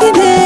every day.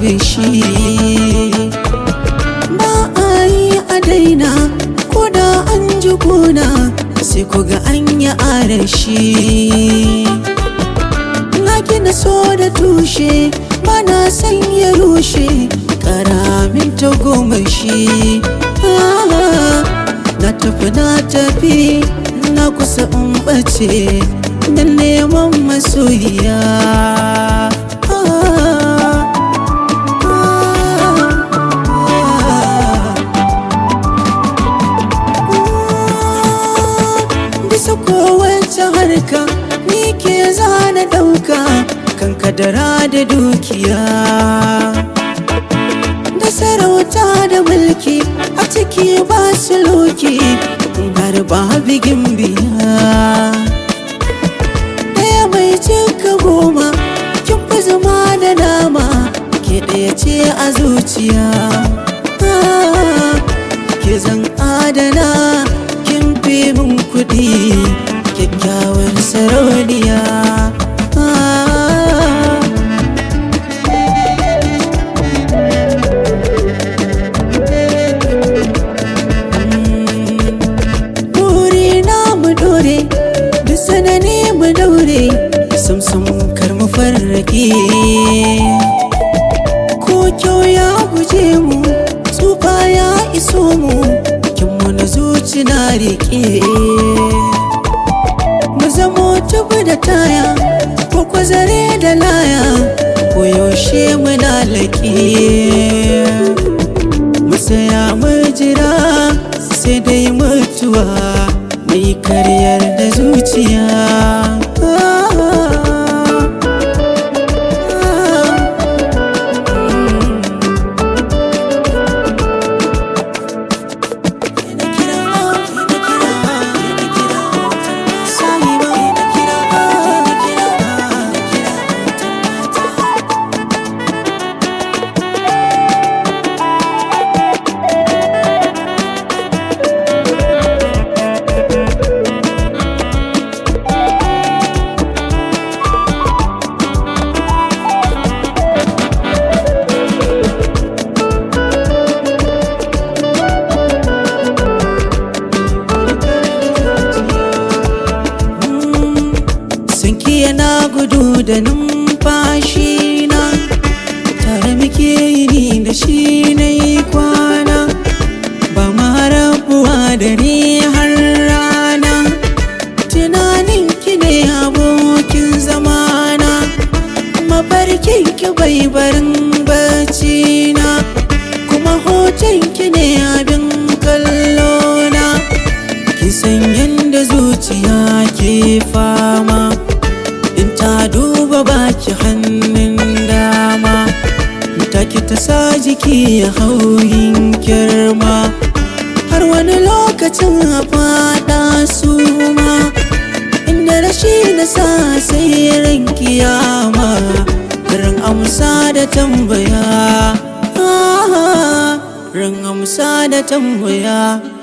babu shi ba a yi a daina ko da an ji kuna sai ku ga an yi arashi na gina so da tushe ba na san ya rushe karamin ta goma shi na tafi na tafi na kusa in ɓace da neman masoyiya barka ni ke zana dauka kan kadara da dukiya da sarauta da mulki a ciki ba su loki bar ba bigin biya ɗaya mai cika goma kin fi zama da nama ke ɗaya ce a zuciya rage ko kyau ya guje mu tsufa ya iso mu kinmu na zuci na riƙe mu zamo tubu da taya ko kwazare da laya ko yaushe muna laƙe mu saya mu jira sai dai mutuwa mai karyar da zuciya da numfashi na tare muke ni da shi na yi kwana ba ma rabuwa da ni har rana tunanin ki ne abokin zamana mafarkin ki bai barin bacci na kuma hoton ki ne abin kallona na ki san yadda zuciya ke fa ciki hauyin girma har wani lokacin a fada su ma inda rashi na sa sai ran kiyama ran amsa da tambaya ah, ah, ah. ran amsa da tambaya